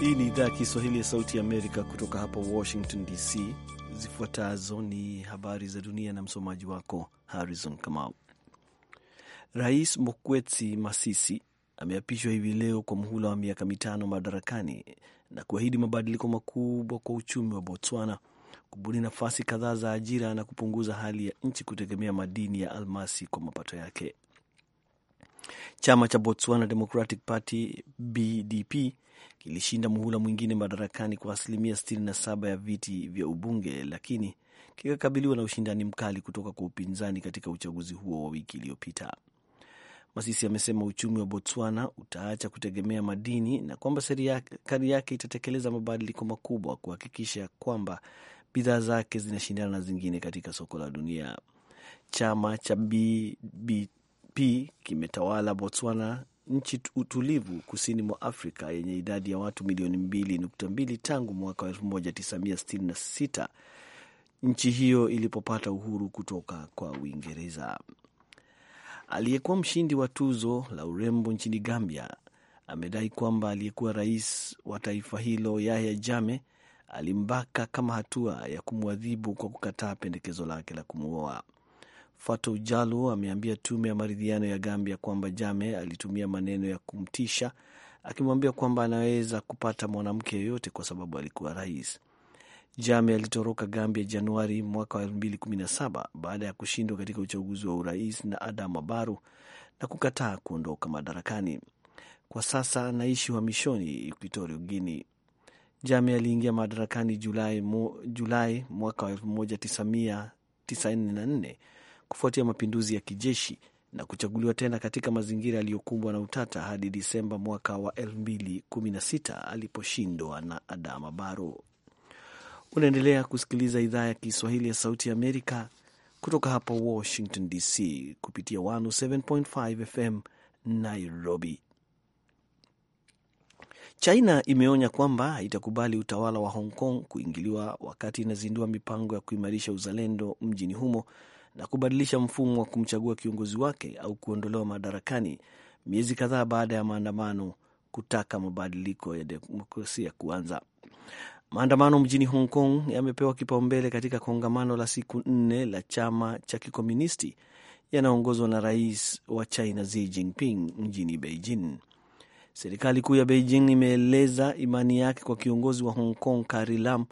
Hii ni idhaa ya Kiswahili ya Sauti ya Amerika kutoka hapa Washington DC. Zifuatazo ni habari za dunia na msomaji wako Harrison Kamau. Rais Mokwetsi Masisi ameapishwa hivi leo kwa muhula wa miaka mitano madarakani na kuahidi mabadiliko makubwa kwa uchumi wa Botswana, kubuni nafasi kadhaa za ajira na kupunguza hali ya nchi kutegemea madini ya almasi kwa mapato yake. Chama cha Botswana Democratic Party BDP kilishinda muhula mwingine madarakani kwa asilimia 67 ya viti vya ubunge, lakini kikakabiliwa na ushindani mkali kutoka kwa upinzani katika uchaguzi huo wa wiki iliyopita. Masisi amesema uchumi wa Botswana utaacha kutegemea madini na kwamba serikali yake itatekeleza mabadiliko makubwa kuhakikisha kwamba bidhaa zake zinashindana na zingine katika soko la dunia. Chama cha BBT p kimetawala Botswana, nchi utulivu kusini mwa Afrika yenye idadi ya watu milioni 2.2 tangu mwaka 1966 nchi hiyo ilipopata uhuru kutoka kwa Uingereza. Aliyekuwa mshindi wa tuzo la urembo nchini Gambia amedai kwamba aliyekuwa rais wa taifa hilo Yahya jame alimbaka kama hatua ya kumwadhibu kwa kukataa pendekezo lake la kumwoa. Fatou Jalu ameambia tume ya maridhiano ya Gambia kwamba Jame alitumia maneno ya kumtisha akimwambia kwamba anaweza kupata mwanamke yoyote kwa sababu alikuwa rais. Jame alitoroka Gambia Januari mwaka wa 2017 baada ya kushindwa katika uchaguzi wa urais na Adama Barrow na kukataa kuondoka madarakani. Kwa sasa anaishi uhamishoni Equatorial Guini. Jame aliingia madarakani Julai, Julai mwaka wa 1994 kufuatia mapinduzi ya kijeshi na kuchaguliwa tena katika mazingira yaliyokumbwa na utata hadi Disemba mwaka wa 2016 aliposhindwa na Adama Barrow. Unaendelea kusikiliza idhaa ya Kiswahili ya Sauti ya Amerika kutoka hapa Washington DC kupitia 107.5 FM Nairobi. China imeonya kwamba haitakubali utawala wa Hong Kong kuingiliwa wakati inazindua mipango ya kuimarisha uzalendo mjini humo na kubadilisha mfumo wa kumchagua kiongozi wake au kuondolewa madarakani miezi kadhaa baada ya maandamano kutaka mabadiliko ya demokrasia kuanza. Maandamano mjini Hong Kong yamepewa kipaumbele katika kongamano la siku nne la chama cha kikomunisti yanaongozwa na rais wa China Xi Jinping mjini Beijing. Serikali kuu ya Beijing imeeleza imani yake kwa kiongozi wa Hong Kong Carrie Lam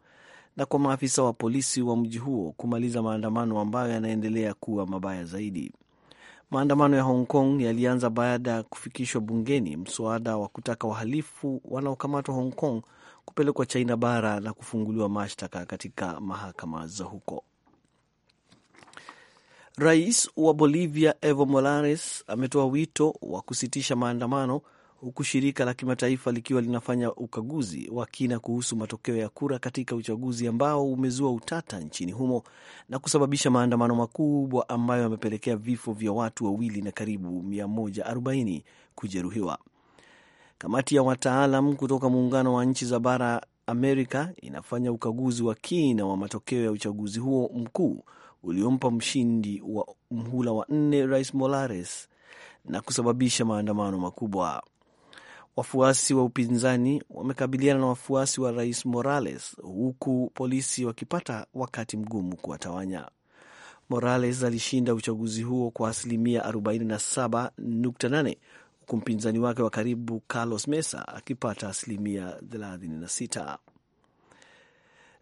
na kwa maafisa wa polisi wa mji huo kumaliza maandamano ambayo yanaendelea kuwa mabaya zaidi. Maandamano ya Hong Kong yalianza baada ya kufikishwa bungeni mswada wa kutaka wahalifu wanaokamatwa Hong Kong kupelekwa China bara na kufunguliwa mashtaka katika mahakama za huko. Rais wa Bolivia Evo Morales ametoa wito wa kusitisha maandamano huku shirika la kimataifa likiwa linafanya ukaguzi wa kina kuhusu matokeo ya kura katika uchaguzi ambao umezua utata nchini humo na kusababisha maandamano makubwa ambayo yamepelekea vifo vya watu wawili na karibu 140 kujeruhiwa. Kamati ya wataalam kutoka muungano wa nchi za bara Amerika inafanya ukaguzi wa kina wa matokeo ya uchaguzi huo mkuu uliompa mshindi wa mhula wa nne Rais Morales na kusababisha maandamano makubwa. Wafuasi wa upinzani wamekabiliana na wafuasi wa rais Morales, huku polisi wakipata wakati mgumu kuwatawanya. Morales alishinda uchaguzi huo kwa asilimia 47.8 huku mpinzani wake wa karibu Carlos Mesa akipata asilimia 36.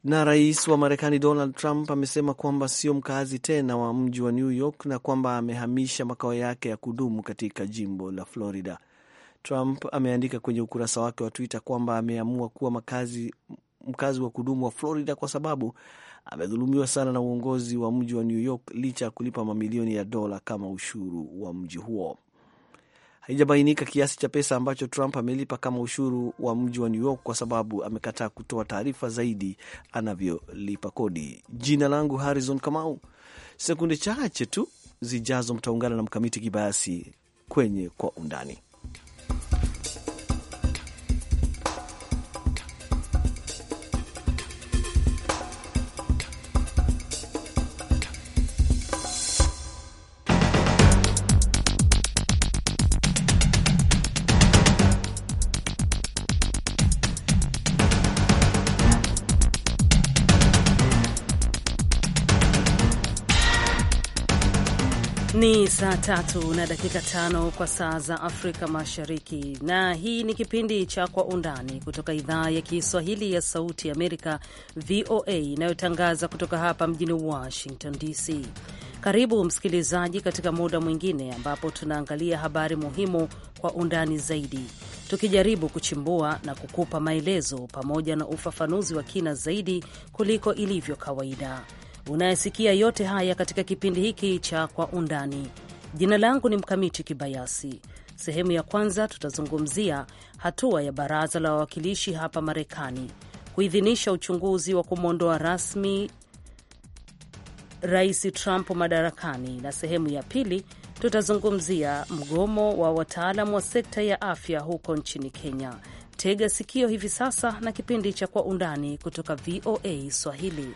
Na rais wa Marekani Donald Trump amesema kwamba sio mkaazi tena wa mji wa New York na kwamba amehamisha makao yake ya kudumu katika jimbo la Florida. Trump ameandika kwenye ukurasa wake wa Twitter kwamba ameamua kuwa makazi, mkazi wa kudumu wa Florida kwa sababu amedhulumiwa sana na uongozi wa mji wa New York licha ya kulipa mamilioni ya dola kama ushuru wa mji huo. Haijabainika kiasi cha pesa ambacho Trump amelipa kama ushuru wa mji wa New York kwa sababu amekataa kutoa taarifa zaidi anavyolipa kodi. Jina langu Harrison Kamau. Sekunde chache tu zijazo mtaungana na Mkamiti Kibayasi kwenye Kwa Undani. saa tatu na dakika tano kwa saa za Afrika Mashariki, na hii ni kipindi cha Kwa Undani kutoka idhaa ya Kiswahili ya Sauti Amerika, VOA, inayotangaza kutoka hapa mjini Washington DC. Karibu msikilizaji, katika muda mwingine ambapo tunaangalia habari muhimu kwa undani zaidi, tukijaribu kuchimbua na kukupa maelezo pamoja na ufafanuzi wa kina zaidi kuliko ilivyo kawaida. Unayesikia yote haya katika kipindi hiki cha Kwa Undani. Jina langu ni Mkamiti Kibayasi. Sehemu ya kwanza tutazungumzia hatua ya baraza la wawakilishi hapa Marekani kuidhinisha uchunguzi wa kumwondoa rasmi Rais Trump madarakani, na sehemu ya pili tutazungumzia mgomo wa wataalam wa sekta ya afya huko nchini Kenya. Tega sikio hivi sasa na kipindi cha Kwa Undani kutoka VOA Swahili.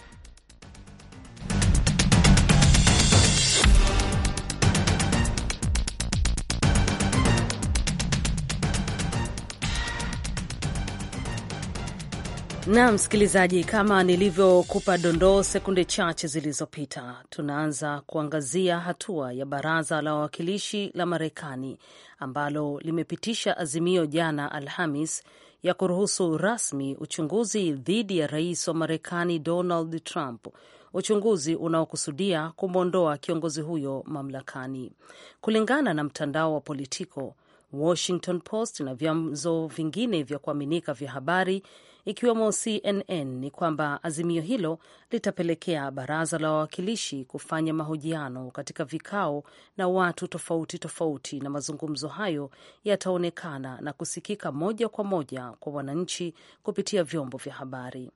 Na msikilizaji, kama nilivyokupa dondoo sekunde chache zilizopita, tunaanza kuangazia hatua ya baraza la wawakilishi la Marekani ambalo limepitisha azimio jana Alhamis ya kuruhusu rasmi uchunguzi dhidi ya rais wa Marekani Donald Trump, uchunguzi unaokusudia kumwondoa kiongozi huyo mamlakani, kulingana na mtandao wa Politico, Washington Post na vyanzo vingine vya kuaminika vya habari ikiwemo CNN ni kwamba azimio hilo litapelekea baraza la wawakilishi kufanya mahojiano katika vikao na watu tofauti tofauti, na mazungumzo hayo yataonekana na kusikika moja kwa moja kwa wananchi kupitia vyombo vya habari.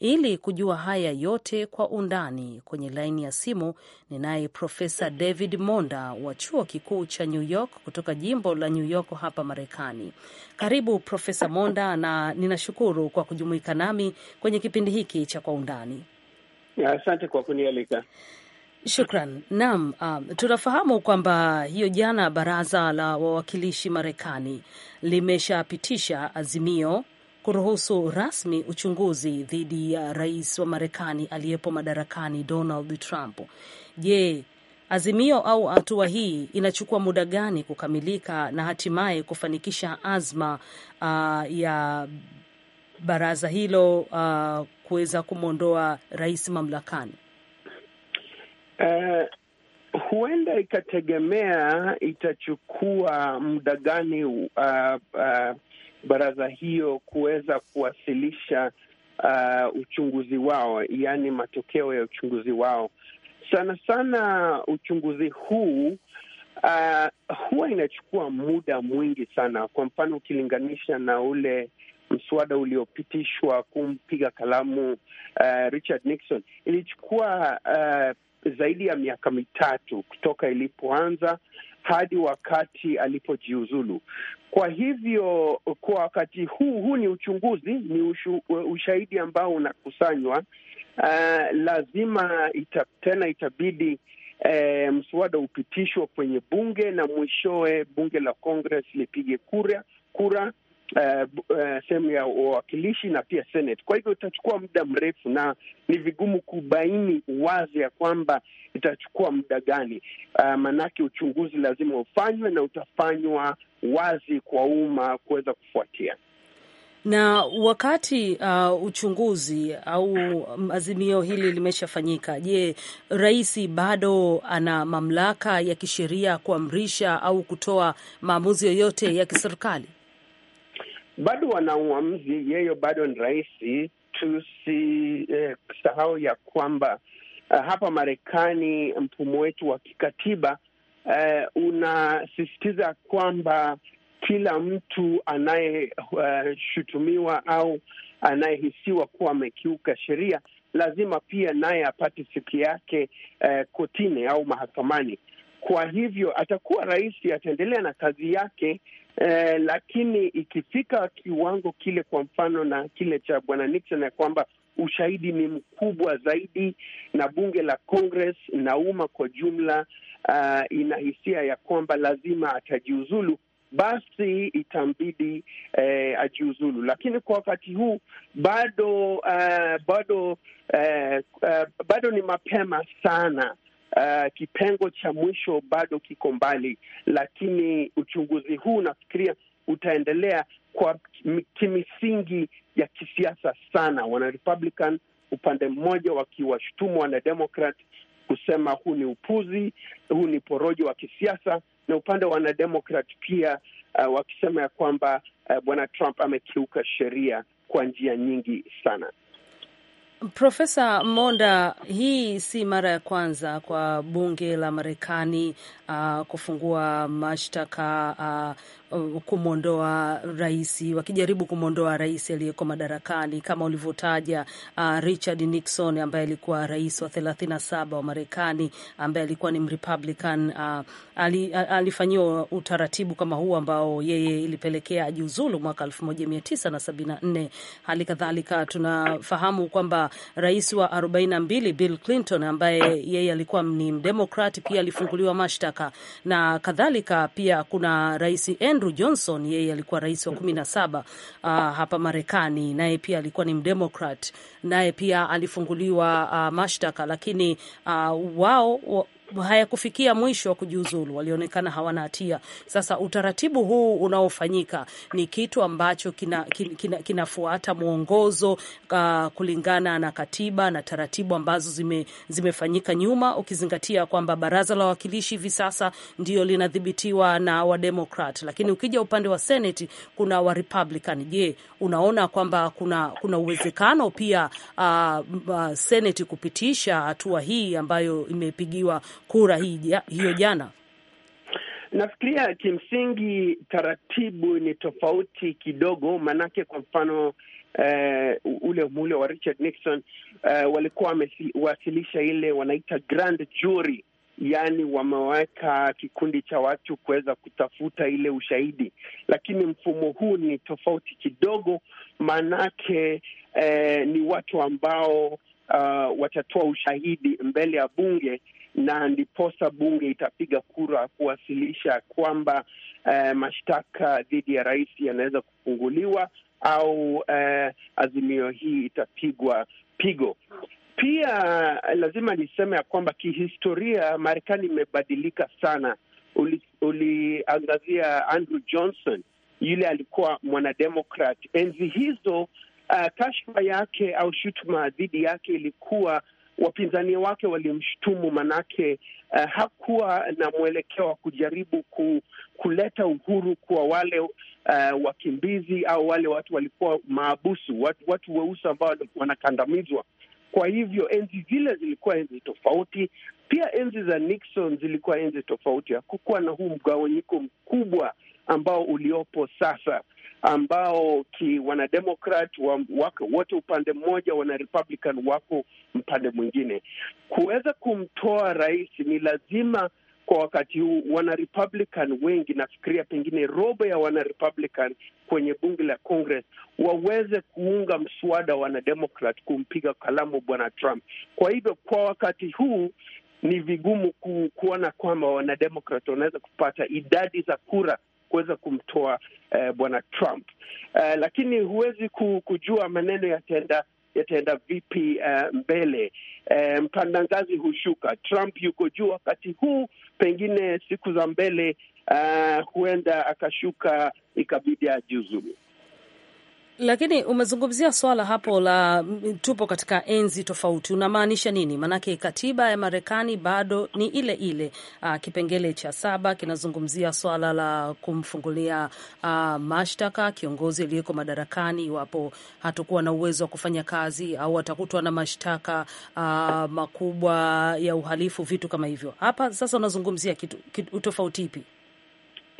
Ili kujua haya yote kwa undani, kwenye laini ya simu ninaye Profesa David Monda wa chuo kikuu cha New York kutoka jimbo la New York hapa Marekani. Karibu Profesa Monda, na ninashukuru kwa kujumuika nami kwenye kipindi hiki cha Kwa Undani. Asante kwa kunialika. Shukran. Naam, uh, tunafahamu kwamba hiyo jana baraza la wawakilishi Marekani limeshapitisha azimio kuruhusu rasmi uchunguzi dhidi ya rais wa Marekani aliyepo madarakani Donald Trump. Je, azimio au hatua hii inachukua muda gani kukamilika na hatimaye kufanikisha azma uh, ya baraza hilo uh, kuweza kumwondoa rais mamlakani? Uh, huenda ikategemea itachukua muda gani uh, uh, baraza hiyo kuweza kuwasilisha uh, uchunguzi wao, yaani matokeo ya uchunguzi wao. Sana sana uchunguzi huu uh, huwa inachukua muda mwingi sana. Kwa mfano ukilinganisha na ule mswada uliopitishwa kumpiga kalamu uh, Richard Nixon ilichukua uh, zaidi ya miaka mitatu kutoka ilipoanza hadi wakati alipojiuzulu. Kwa hivyo kwa wakati huu huu ni uchunguzi, ni ushu, ushahidi ambao unakusanywa. Uh, lazima ita, tena itabidi eh, mswada upitishwa kwenye bunge na mwishowe bunge la Congress lipige kura kura uh, uh, sehemu ya wawakilishi na pia Senate. Kwa hivyo itachukua muda mrefu na ni vigumu kubaini wazi ya kwamba itachukua muda gani. Uh, eh, maanake uchunguzi lazima ufanywe na utafanywa wazi kwa umma kuweza kufuatia na wakati uh, uchunguzi au azimio hili limeshafanyika, je, rais bado ana mamlaka ya kisheria kuamrisha au kutoa maamuzi yoyote ya kiserikali? bado wana uamuzi, yeye bado ni rais. Tusisahau eh, ya kwamba uh, hapa Marekani mfumo wetu wa kikatiba uh, unasisitiza kwamba kila mtu anayeshutumiwa eh, uh, au anayehisiwa kuwa amekiuka sheria lazima pia naye apate siku yake uh, kotini au mahakamani. Kwa hivyo atakuwa rais, ataendelea na kazi yake eh, lakini ikifika kiwango kile, kwa mfano na kile cha bwana Nixon ya kwamba ushahidi ni mkubwa zaidi, na bunge la Congress na umma kwa jumla uh, ina hisia ya kwamba lazima atajiuzulu, basi itambidi eh, ajiuzulu. Lakini kwa wakati huu bado uh, bado uh, uh, bado ni mapema sana uh, kipengo cha mwisho bado kiko mbali, lakini uchunguzi huu nafikiria utaendelea kwa kimisingi ya kisiasa sana, wana Republican upande mmoja wakiwashutumu wanademokrat kusema huu ni upuzi, huu ni porojo wa kisiasa, na upande wa wanademokrat pia uh, wakisema ya kwamba uh, bwana Trump amekiuka sheria kwa njia nyingi sana. Profesa Monda, hii si mara ya kwanza kwa bunge la Marekani uh, kufungua mashtaka uh, Uh, kumwondoa rais, wakijaribu kumwondoa rais aliyeko madarakani kama ulivyotaja uh, Richard Nixon ambaye alikuwa rais wa 37 wa Marekani ambaye alikuwa ni Republican uh, ali, alifanyiwa utaratibu kama huu ambao yeye ilipelekea ajiuzulu mwaka 1974. Hali kadhalika tunafahamu kwamba rais wa 42 Bill Clinton ambaye yeye alikuwa ni mdemokrati pia alifunguliwa mashtaka na kadhalika. Pia kuna rais Andrew Johnson, yeye alikuwa rais wa kumi na saba uh, hapa Marekani, naye pia alikuwa ni mdemokrat, naye pia alifunguliwa uh, mashtaka, lakini uh, wao hayakufikia mwisho wa kujiuzulu, walionekana hawana hatia. Sasa utaratibu huu unaofanyika ni kitu ambacho kinafuata kina, kina, kina mwongozo uh, kulingana na katiba na taratibu ambazo zime, zimefanyika nyuma, ukizingatia kwamba baraza la wawakilishi hivi sasa ndio linadhibitiwa na Wademokrat, lakini ukija upande wa Seneti kuna Warepublican. Je, unaona kwamba kuna, kuna uwezekano pia uh, uh, Seneti kupitisha hatua hii ambayo imepigiwa kura hii, hiyo jana? Nafikiria kimsingi taratibu ni tofauti kidogo, maanake kwa mfano uh, ule muhula wa Richard Nixon uh, walikuwa wamewasilisha ile wanaita grand jury, yaani wameweka kikundi cha watu kuweza kutafuta ile ushahidi, lakini mfumo huu ni tofauti kidogo, maanake uh, eh, ni watu ambao uh, watatoa ushahidi mbele ya bunge na ndiposa bunge itapiga kura kuwasilisha kwamba eh, mashtaka dhidi ya rais yanaweza kufunguliwa au eh, azimio hii itapigwa pigo. Pia eh, lazima niseme ya kwamba kihistoria Marekani imebadilika sana. Uliangazia uli Andrew Johnson, yule alikuwa mwanademokrat enzi hizo. Uh, kashfa yake au shutuma dhidi yake ilikuwa wapinzani wake walimshutumu, manake uh, hakuwa na mwelekeo wa kujaribu ku, kuleta uhuru kwa wale uh, wakimbizi au wale watu walikuwa maabusu, watu, watu weusi ambao wanakandamizwa. Kwa hivyo enzi zile zilikuwa enzi tofauti. Pia enzi za Nixon zilikuwa enzi tofauti. Hakukuwa na huu mgawanyiko mkubwa ambao uliopo sasa ambao ki wanademokrat wa, wako wote upande mmoja, wana wako mpande mwingine. Kuweza kumtoa rais ni lazima kwa wakati huu wanarepublican wengi, nafikiria pengine robo ya wanarepublican kwenye bunge la Congress waweze kuunga mswada wanademokrat kumpiga kalamu bwana Trump. Kwa hivyo kwa wakati huu ni vigumu ku, kuona kwamba wanademokrat wanaweza kupata idadi za kura kuweza kumtoa eh, bwana Trump eh, lakini huwezi kujua maneno yataenda yataenda vipi uh, mbele. Uh, eh, ngazi hushuka. Trump yuko juu wakati huu, pengine siku za mbele uh, huenda akashuka, ikabidi ajiuzulu. Lakini umezungumzia swala hapo la tupo katika enzi tofauti, unamaanisha nini? Maanake katiba ya Marekani bado ni ile ile. Aa, ah, kipengele cha saba kinazungumzia swala la kumfungulia ah, mashtaka kiongozi aliyeko madarakani iwapo hatakuwa na uwezo wa kufanya kazi au atakutwa na mashtaka ah, makubwa ya uhalifu, vitu kama hivyo. Hapa sasa unazungumzia kitu, kitu, tofauti ipi?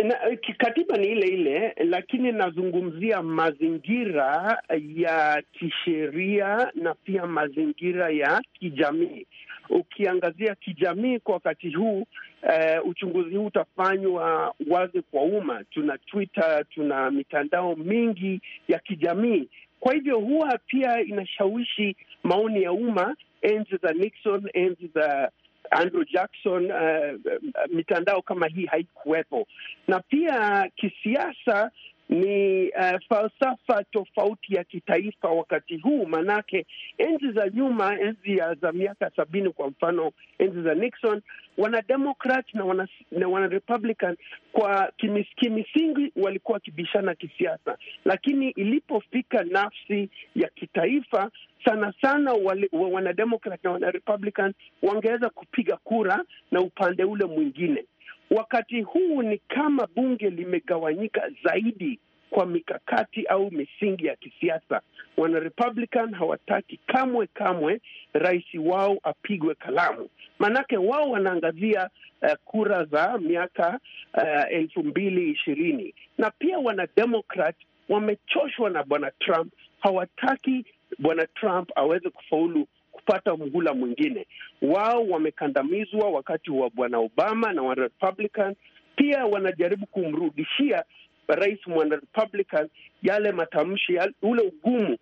na eh, katiba ni ile ile, lakini nazungumzia mazingira ya kisheria na pia mazingira ya kijamii. Ukiangazia kijamii kwa wakati huu eh, uchunguzi huu utafanywa wazi kwa umma. Tuna Twitter, tuna mitandao mingi ya kijamii, kwa hivyo huwa pia inashawishi maoni ya umma, enzi za Nixon, enzi za Andrew Jackson, uh, uh, mitandao kama hii haikuwepo, na pia kisiasa ni uh, falsafa tofauti ya kitaifa wakati huu. Manake enzi za nyuma, enzi za miaka sabini, kwa mfano enzi za Nixon, wanademokrat na wana, na wanarepublican kwa kimis, kimisingi walikuwa wakibishana kisiasa, lakini ilipofika nafsi ya kitaifa sana sana wale, wanademokrat na wanarepublican wangeweza kupiga kura na upande ule mwingine Wakati huu ni kama bunge limegawanyika zaidi kwa mikakati au misingi ya kisiasa. Wana Republican hawataki kamwe kamwe rais wao apigwe kalamu, maanake wao wanaangazia uh, kura za miaka uh, elfu mbili ishirini na pia Wanademokrat wamechoshwa na bwana Trump, hawataki bwana Trump aweze kufaulu kupata muhula mwingine. Wao wamekandamizwa wakati wa bwana Obama na wa pia wanajaribu kumrudishia rais mwanarepublican yale matamshi, ule ugumu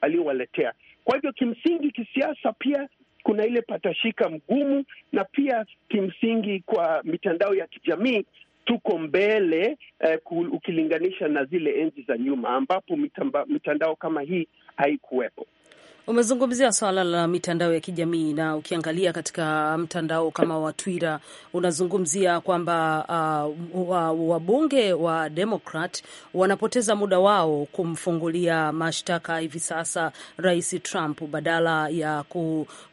aliowaletea. Kwa hivyo kimsingi, kisiasa pia kuna ile patashika mgumu, na pia kimsingi kwa mitandao ya kijamii tuko mbele eh, ukilinganisha na zile enzi za nyuma ambapo mitamba, mitandao kama hii haikuwepo. Umezungumzia swala la mitandao ya kijamii na ukiangalia katika mtandao kama wa Twitter unazungumzia kwamba uh, wabunge wa, wa wanapoteza muda wao kumfungulia mashtaka hivi sasa Rais Trump badala ya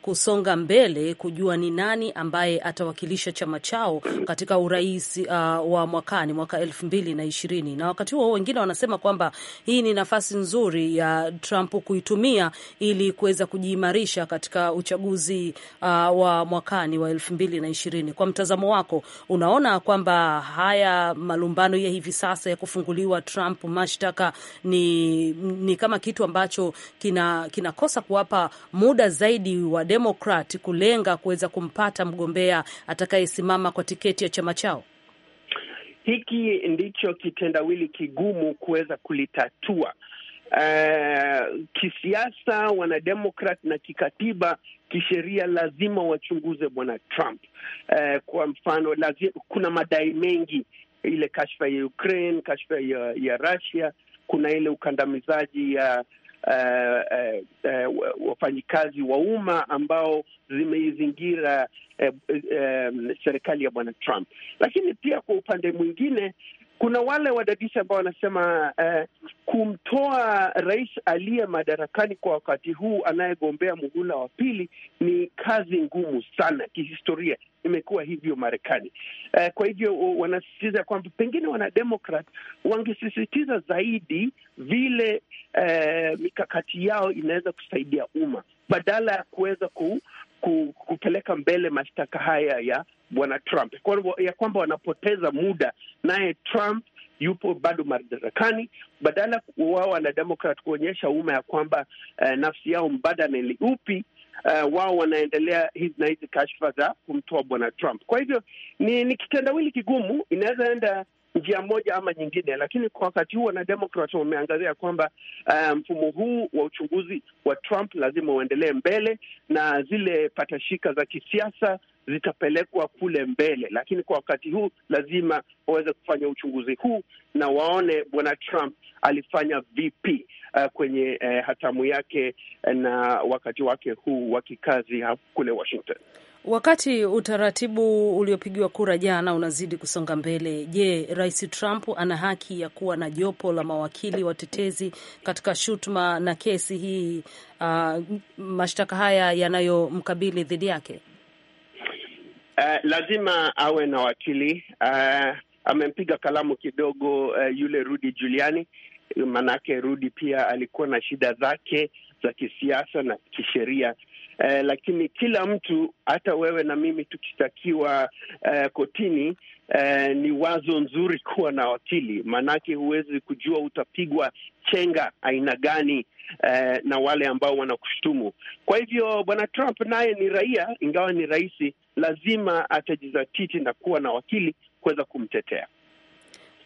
kusonga mbele kujua ni nani ambaye atawakilisha chama chao katika urais uh, wa mwakani mwaka elfu mbili na ishirini. Na wakati huo wengine wanasema kwamba hii ni nafasi nzuri ya Trump kuitumia ili kuweza kujiimarisha katika uchaguzi uh, wa mwakani wa elfu mbili na ishirini. Kwa mtazamo wako, unaona kwamba haya malumbano ya hivi sasa ya kufunguliwa Trump mashtaka ni, ni kama kitu ambacho kina kinakosa kuwapa muda zaidi wa Demokrat kulenga kuweza kumpata mgombea atakayesimama kwa tiketi ya chama chao? Hiki ndicho kitendawili kigumu kuweza kulitatua Eh, kisiasa wanademokrat na kikatiba kisheria lazima wachunguze bwana Trump. Uh, kwa mfano lazima, kuna madai mengi, ile kashfa ya Ukraine, kashfa ya, ya Russia, kuna ile ukandamizaji ya uh, uh, uh, wafanyikazi wa umma ambao zimeizingira uh, uh, um, serikali ya bwana Trump, lakini pia kwa upande mwingine kuna wale wadadisi ambao wanasema eh, kumtoa rais aliye madarakani kwa wakati huu anayegombea muhula wa pili ni kazi ngumu sana. Kihistoria imekuwa hivyo Marekani. Eh, kwa hivyo wanasisitiza kwamba pengine wanademokrat wangesisitiza zaidi vile eh, mikakati yao inaweza kusaidia umma badala ya kuweza ku, kupeleka mbele mashtaka haya ya bwana Trump ya kwamba wanapoteza muda, naye Trump yupo bado madarakani, badala wao wanademokrat kuonyesha umma ya kwamba eh, nafsi yao mbadala ni upi. Uh, wao wanaendelea hizi na hizi kashfa za kumtoa bwana Trump. Kwa hivyo ni, ni kitendawili kigumu, inaweza enda njia moja ama nyingine, lakini kwa wakati huu wanademokrat wameangazia kwamba uh, mfumo huu wa uchunguzi wa Trump lazima uendelee mbele na zile patashika za kisiasa zitapelekwa kule mbele, lakini kwa wakati huu lazima waweze kufanya uchunguzi huu na waone bwana Trump alifanya vipi uh, kwenye uh, hatamu yake na wakati wake huu wa kikazi kule Washington. Wakati utaratibu uliopigiwa kura jana unazidi kusonga mbele, je, Rais Trump ana haki ya kuwa na jopo la mawakili watetezi katika shutuma na kesi hii, uh, mashtaka haya yanayomkabili dhidi yake? Uh, lazima awe na wakili. Uh, amempiga kalamu kidogo uh, yule Rudy Giuliani, maanake Rudy pia alikuwa na shida zake za kisiasa na kisheria eh, lakini kila mtu, hata wewe na mimi tukitakiwa eh, kotini eh, ni wazo nzuri kuwa na wakili, maanake huwezi kujua utapigwa chenga aina gani eh, na wale ambao wanakushutumu. Kwa hivyo bwana Trump naye ni raia, ingawa ni rahisi lazima atajizatiti na kuwa na wakili kuweza kumtetea.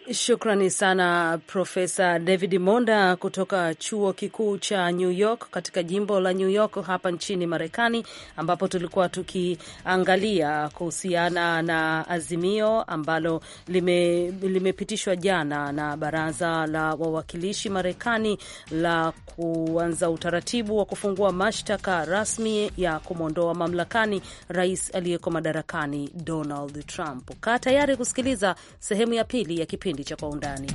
Shukrani sana Profesa David Monda kutoka chuo kikuu cha New York katika jimbo la New York hapa nchini Marekani, ambapo tulikuwa tukiangalia kuhusiana na azimio ambalo lime, limepitishwa jana na baraza la wawakilishi Marekani la kuanza utaratibu wa kufungua mashtaka rasmi ya kumwondoa mamlakani rais aliyeko madarakani Donald Trump. Kaa tayari kusikiliza sehemu ya pili ya kipindi kipindi cha Kwa Undani.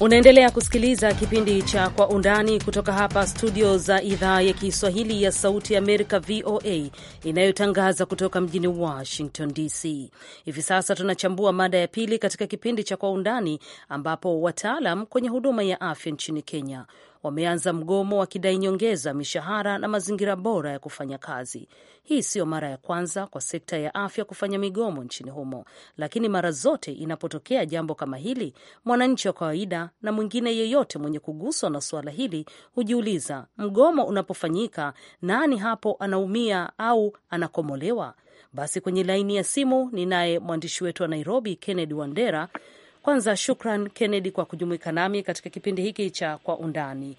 Unaendelea kusikiliza kipindi cha Kwa Undani kutoka hapa studio za idhaa ya Kiswahili ya Sauti ya Amerika, VOA, inayotangaza kutoka mjini Washington DC. Hivi sasa tunachambua mada ya pili katika kipindi cha Kwa Undani, ambapo wataalam kwenye huduma ya afya nchini Kenya wameanza mgomo wakidai nyongeza mishahara na mazingira bora ya kufanya kazi. Hii siyo mara ya kwanza kwa sekta ya afya kufanya migomo nchini humo, lakini mara zote inapotokea jambo kama hili, mwananchi wa kawaida na mwingine yeyote mwenye kuguswa na suala hili hujiuliza, mgomo unapofanyika, nani hapo anaumia au anakomolewa? Basi kwenye laini ya simu ninaye mwandishi wetu wa Nairobi, Kennedy Wandera kwanza shukran Kennedy kwa kujumuika nami katika kipindi hiki cha Kwa Undani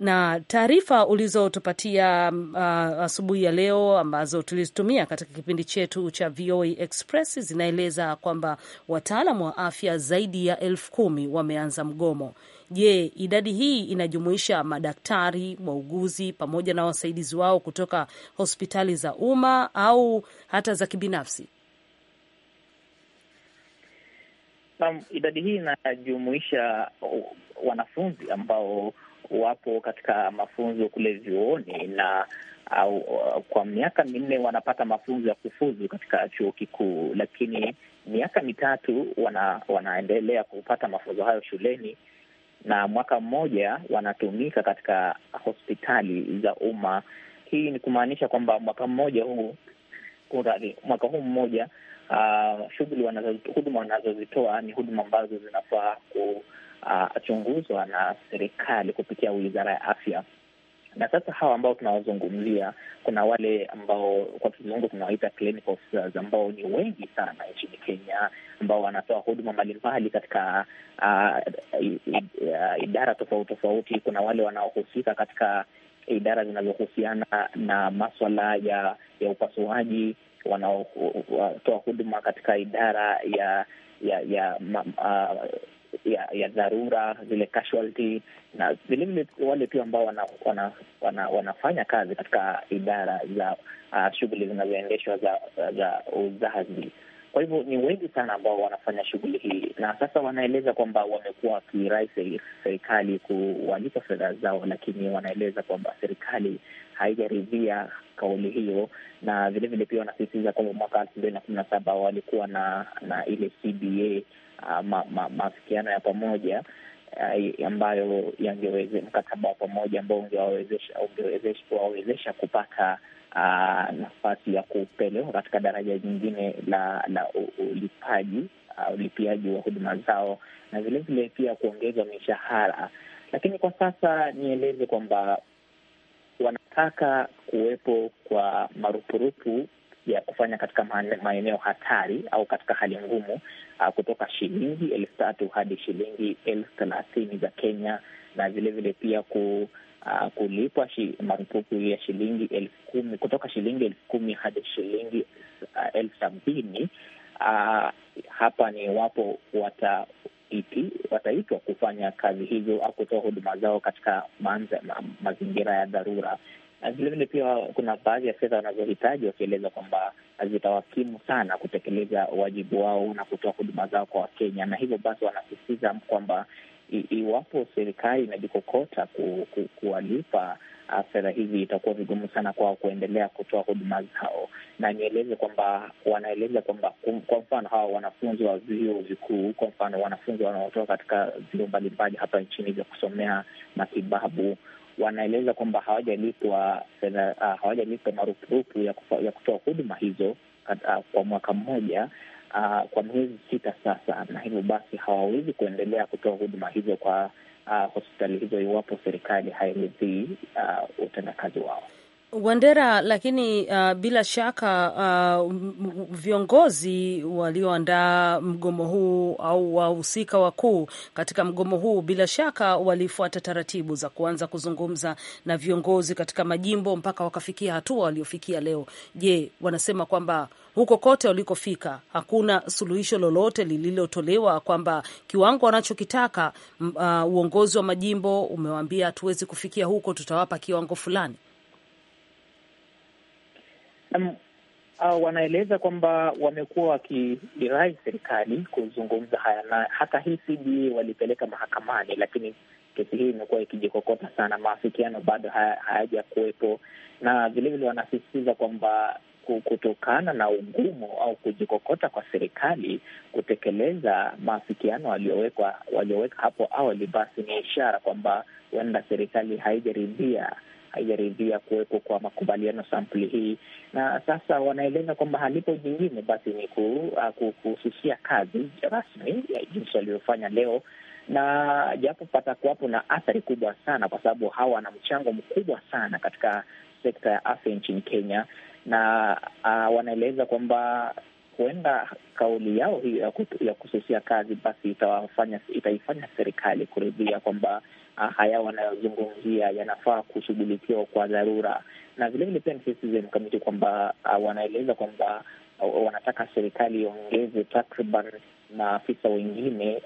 na taarifa ulizotupatia uh, asubuhi ya leo ambazo tulizitumia katika kipindi chetu cha VOA Express zinaeleza kwamba wataalam wa afya zaidi ya elfu kumi wameanza mgomo. Je, idadi hii inajumuisha madaktari, wauguzi pamoja na wasaidizi wao kutoka hospitali za umma au hata za kibinafsi? fahamu idadi hii inajumuisha wanafunzi ambao wapo katika mafunzo kule vyuoni na au, kwa miaka minne wanapata mafunzo ya kufuzu katika chuo kikuu, lakini miaka mitatu wana, wanaendelea kupata mafunzo hayo shuleni na mwaka mmoja wanatumika katika hospitali za umma. Hii ni kumaanisha kwamba mwaka mmoja huu, mwaka huu mmoja Uh, shughuli wanazo, huduma wanazozitoa ni huduma ambazo zinafaa kuchunguzwa uh, na serikali kupitia wizara ya afya na sasa hawa ambao tunawazungumzia, kuna wale ambao kwa kizungu tunawaita officers ambao ni wengi sana nchini Kenya, ambao wanatoa huduma mbalimbali katika uh, uh, idara tofauti tofauti. Kuna wale wanaohusika katika idara zinazohusiana na maswala ya, ya upasuaji wanaotoa huduma katika idara ya ya ya ma, uh, ya, ya dharura zile casualty na vilevile wale pia ambao wana, wana, wana, wanafanya kazi katika idara za uh, shughuli zinazoendeshwa za, za uzazi. Kwa hivyo ni wengi sana ambao wanafanya shughuli hii, na sasa wanaeleza kwamba wamekuwa wakirai serikali kuwalipa fedha zao, lakini wanaeleza kwamba serikali haijaridhia kauli hiyo, na vilevile pia wanasisitiza kwamba mwaka elfu mbili na kumi na saba walikuwa na na ile CBA maafikiano ah, ma, ya pamoja eh, ambayo yangeweze mkataba wa pamoja ambao ungewawezesha kupata uh, nafasi ya kupelekwa katika daraja jingine la la ulipaji uh, ulipiaji wa huduma zao na vilevile pia kuongezwa mishahara, lakini kwa sasa nieleze kwamba wanataka kuwepo kwa marupurupu ya kufanya katika maeneo hatari au katika hali ngumu uh, kutoka shilingi elfu tatu hadi shilingi elfu thelathini za Kenya, na vilevile pia ku, uh, kulipwa shi, marupurupu ya shilingi elfu kumi kutoka shilingi elfu kumi hadi shilingi uh, elfu sabini uh, hapa ni iwapo wata wataitwa kufanya kazi hizo au kutoa huduma zao katika mazingira ya dharura. Vilevile pia kuna baadhi ya fedha wanazohitaji wakieleza kwamba zitawakimu sana kutekeleza wajibu wao na kutoa huduma zao kwa Wakenya, na hivyo basi wanasisitiza kwamba iwapo serikali inajikokota ku, ku, kuwalipa ah, fedha hizi itakuwa vigumu sana kwao kuendelea kutoa huduma zao, na nieleze kwamba wanaeleza kwamba kwa mfano hawa wanafunzi wa vyuo vikuu, kwa mfano wanafunzi wanaotoka katika vyuo mbalimbali hapa nchini vya kusomea matibabu wanaeleza kwamba hawajalipwa uh, hawajalipwa marupurupu ya, ya kutoa huduma hizo uh, kwa mwaka mmoja uh, kwa miezi sita sasa, na hivyo basi hawawezi kuendelea kutoa huduma hizo kwa uh, hospitali hizo iwapo serikali hairidhii uh, utendakazi wao. Wandera, lakini uh, bila shaka uh, viongozi walioandaa mgomo huu au wahusika wakuu katika mgomo huu bila shaka walifuata taratibu za kuanza kuzungumza na viongozi katika majimbo mpaka wakafikia hatua waliofikia leo. Je, wanasema kwamba huko kote walikofika hakuna suluhisho lolote lililotolewa, kwamba kiwango wanachokitaka uh, uongozi wa majimbo umewaambia hatuwezi kufikia huko, tutawapa kiwango fulani? um, uh, wanaeleza kwamba wamekuwa wakirai serikali kuzungumza haya, na hata hii CBA walipeleka mahakamani, lakini kesi hii imekuwa ikijikokota sana, maafikiano bado hayaja kuwepo, na vilevile wanasisitiza kwamba kutokana na ugumu au kujikokota kwa serikali kutekeleza maafikiano waliowekwa walioweka hapo awali, basi ni ishara kwamba huenda serikali haijaridhia haijaridhia kuwepo kwa makubaliano sampuli hii, na sasa wanaeleza kwamba halipo jingine basi ni kususia ah, kazi rasmi ya jinsi walivyofanya leo na japo pata na athari kubwa sana, kwa sababu hawa wana mchango mkubwa sana katika sekta ya afya nchini Kenya, na uh, wanaeleza kwamba huenda kauli yao hiyo ya kususia kazi basi itawafanya itaifanya serikali kuridhia kwamba Ah, haya wanayozungumzia yanafaa kushughulikiwa kwa dharura, na vilevile pia nisisitize mkamiti kwamba ah, wanaeleza kwamba ah, wanataka serikali iongeze takriban maafisa wengine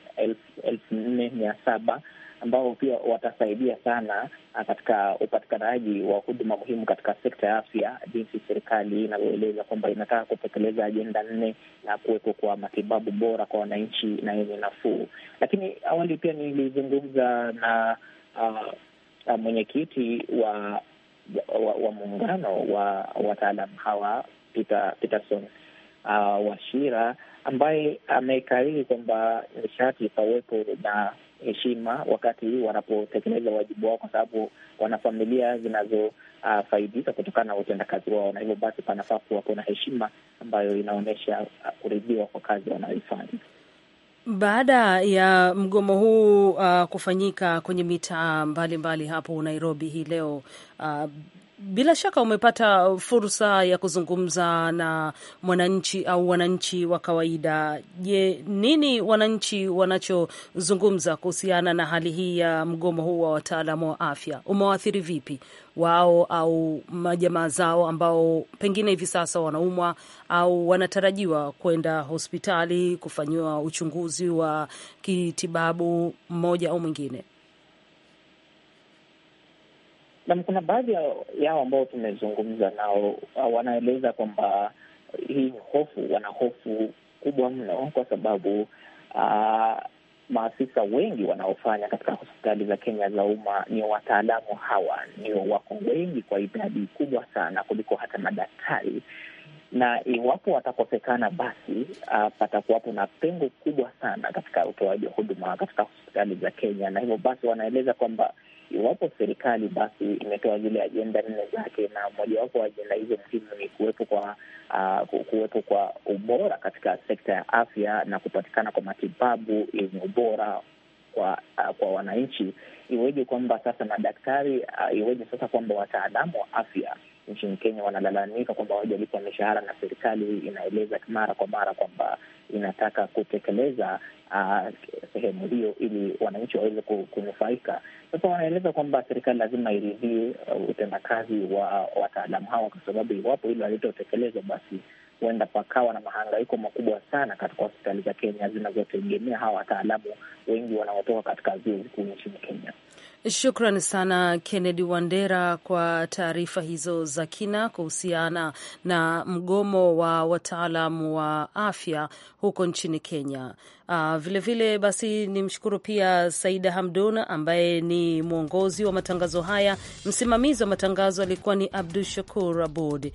elfu nne mia saba ambao pia watasaidia sana ah, katika upatikanaji wa huduma muhimu katika sekta ya afya, jinsi serikali inavyoeleza kwamba inataka kutekeleza ajenda nne na kuwepo kwa matibabu bora kwa wananchi na yenye nafuu. Lakini awali pia nilizungumza na uh, mwenyekiti wa wa, wa muungano wa wataalam hawa Peter Peterson uh, Washira ambaye amekariri kwamba nishati pawepo na heshima wakati wanapotekeleza wajibu wao, kwa sababu wana familia zinazofaidika uh, kutokana na utendakazi wao, na hivyo basi panafaa kuwapo na heshima ambayo inaonyesha kuridhiwa kwa kazi wanayoifanya. Baada ya mgomo huu uh, kufanyika kwenye mitaa mbalimbali hapo Nairobi hii leo uh, bila shaka umepata fursa ya kuzungumza na mwananchi au wananchi wa kawaida. Je, nini wananchi wanachozungumza kuhusiana na hali hii ya mgomo huu wa wataalamu wa afya? Umewaathiri vipi wao au majamaa zao ambao pengine hivi sasa wanaumwa au wanatarajiwa kwenda hospitali kufanyiwa uchunguzi wa kitibabu mmoja au mwingine? na kuna baadhi yao ambao tumezungumza nao ah, wanaeleza kwamba hii hofu, wana hofu kubwa mno kwa sababu uh, maafisa wengi wanaofanya katika hospitali za Kenya za umma ni wataalamu hawa, nio wako wengi kwa idadi kubwa sana kuliko hata madaktari, na iwapo watakosekana, basi uh, patakuwapo na pengo kubwa sana katika utoaji wa huduma katika hospitali za Kenya, na hivyo basi wanaeleza kwamba Iwapo serikali basi imetoa zile ajenda nne zake, na mojawapo wa ajenda hizo muhimu ni kuwepo kwa uh, kuwepo kwa ubora katika sekta ya afya na kupatikana kwa matibabu yenye ubora kwa uh, kwa wananchi. Iweje kwamba sasa madaktari uh, iweje sasa kwamba wataalamu wa afya nchini Kenya wanalalamika kwamba hawajalipwa mishahara, na serikali inaeleza mara kwa mara kwamba inataka kutekeleza Uh, sehemu hiyo ili wananchi waweze kunufaika. Sasa wanaeleza kwamba serikali lazima iridhie uh, utendakazi wa uh, wataalamu hawa, kwa sababu iwapo hilo halitotekelezwa basi huenda pakawa na mahangaiko makubwa sana katika hospitali za Kenya zinazotegemea hawa wataalamu wengi wanaotoka katika vyuo vikuu nchini Kenya. Shukran sana Kennedy Wandera kwa taarifa hizo za kina kuhusiana na mgomo wa wataalam wa afya huko nchini Kenya. Vilevile ah, vile basi nimshukuru pia Saida Hamdun ambaye ni mwongozi wa matangazo haya. Msimamizi wa matangazo alikuwa ni Abdu Shakur Abud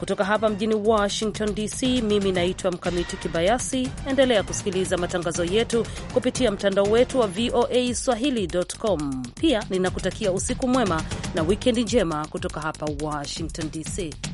kutoka hapa mjini Washington DC. Mimi naitwa Mkamiti Kibayasi. Endelea kusikiliza matangazo yetu kupitia mtandao wetu wa VOA swahili.com. Pia ninakutakia usiku mwema na wikendi njema kutoka hapa Washington DC.